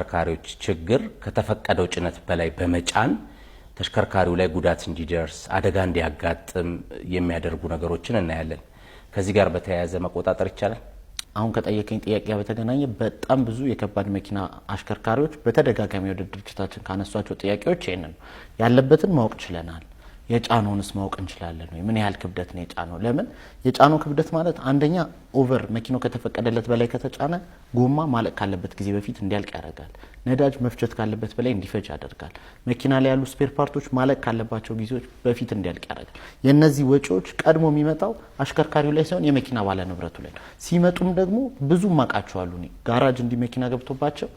ተሽከርካሪዎች ችግር ከተፈቀደው ጭነት በላይ በመጫን ተሽከርካሪው ላይ ጉዳት እንዲደርስ አደጋ እንዲያጋጥም የሚያደርጉ ነገሮችን እናያለን። ከዚህ ጋር በተያያዘ መቆጣጠር ይቻላል። አሁን ከጠየቀኝ ጥያቄ በተገናኘ በጣም ብዙ የከባድ መኪና አሽከርካሪዎች በተደጋጋሚ ወደ ድርጅታችን ካነሷቸው ጥያቄዎች ይህን ነው ያለበትን ማወቅ ችለናል። የጫነውንስ ማወቅ እንችላለን ወይ? ምን ያህል ክብደት ነው የጫነው? ለምን የጫነው ክብደት ማለት አንደኛ ኦቨር መኪናው ከተፈቀደለት በላይ ከተጫነ ጎማ ማለቅ ካለበት ጊዜ በፊት እንዲያልቅ ያደርጋል። ነዳጅ መፍጨት ካለበት በላይ እንዲፈጅ ያደርጋል። መኪና ላይ ያሉ ስፔር ፓርቶች ማለቅ ካለባቸው ጊዜዎች በፊት እንዲያልቅ ያደርጋል። የእነዚህ ወጪዎች ቀድሞ የሚመጣው አሽከርካሪው ላይ ሳይሆን የመኪና ባለንብረቱ ላይ ነው። ሲመጡም ደግሞ ብዙ ማቃቸዋሉ ጋራጅ እንዲህ መኪና ገብቶባቸው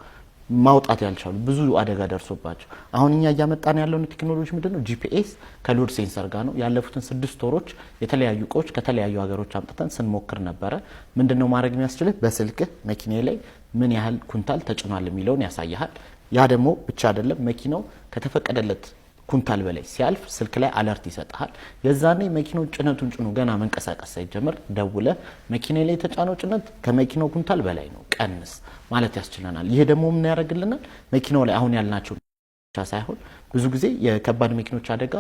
ማውጣት ያልቻሉ ብዙ አደጋ ደርሶባቸው አሁን እኛ እያመጣን ያለውን ቴክኖሎጂ ምንድን ነው? ጂፒኤስ ከሎድ ሴንሰር ጋር ነው። ያለፉትን ስድስት ወሮች የተለያዩ እቃዎች ከተለያዩ ሀገሮች አምጥተን ስንሞክር ነበረ። ምንድን ነው ማድረግ የሚያስችልህ በስልክህ መኪና ላይ ምን ያህል ኩንታል ተጭኗል የሚለውን ያሳይሃል። ያ ደግሞ ብቻ አይደለም መኪናው ከተፈቀደለት ኩንታል በላይ ሲያልፍ ስልክ ላይ አለርት ይሰጥሃል። የዛኔ መኪናው ጭነቱን ጭኖ ገና መንቀሳቀስ ሳይጀምር ደውለ መኪና ላይ የተጫነው ጭነት ከመኪናው ኩንታል በላይ ነው ቀንስ ማለት ያስችለናል። ይሄ ደግሞ ምን ያደርግልናል? መኪናው ላይ አሁን ያልናቸው ብቻ ሳይሆን ብዙ ጊዜ የከባድ መኪኖች አደጋ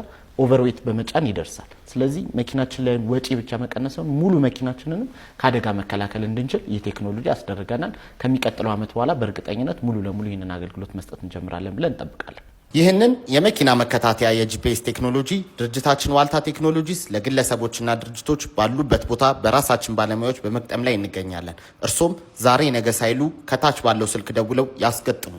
ኦቨርዌት በመጫን ይደርሳል። ስለዚህ መኪናችን ላይ ወጪ ብቻ መቀነሰውን ሙሉ መኪናችንንም ከአደጋ መከላከል እንድንችል ይህ ቴክኖሎጂ ያስደርገናል። ከሚቀጥለው ዓመት በኋላ በእርግጠኝነት ሙሉ ለሙሉ ይህንን አገልግሎት መስጠት እንጀምራለን ብለን እንጠብቃለን። ይህንን የመኪና መከታተያ የጂፒኤስ ቴክኖሎጂ ድርጅታችን ዋልታ ቴክኖሎጂስ ለግለሰቦችና ድርጅቶች ባሉበት ቦታ በራሳችን ባለሙያዎች በመቅጠም ላይ እንገኛለን። እርሶም ዛሬ ነገ ሳይሉ ከታች ባለው ስልክ ደውለው ያስገጥሙ።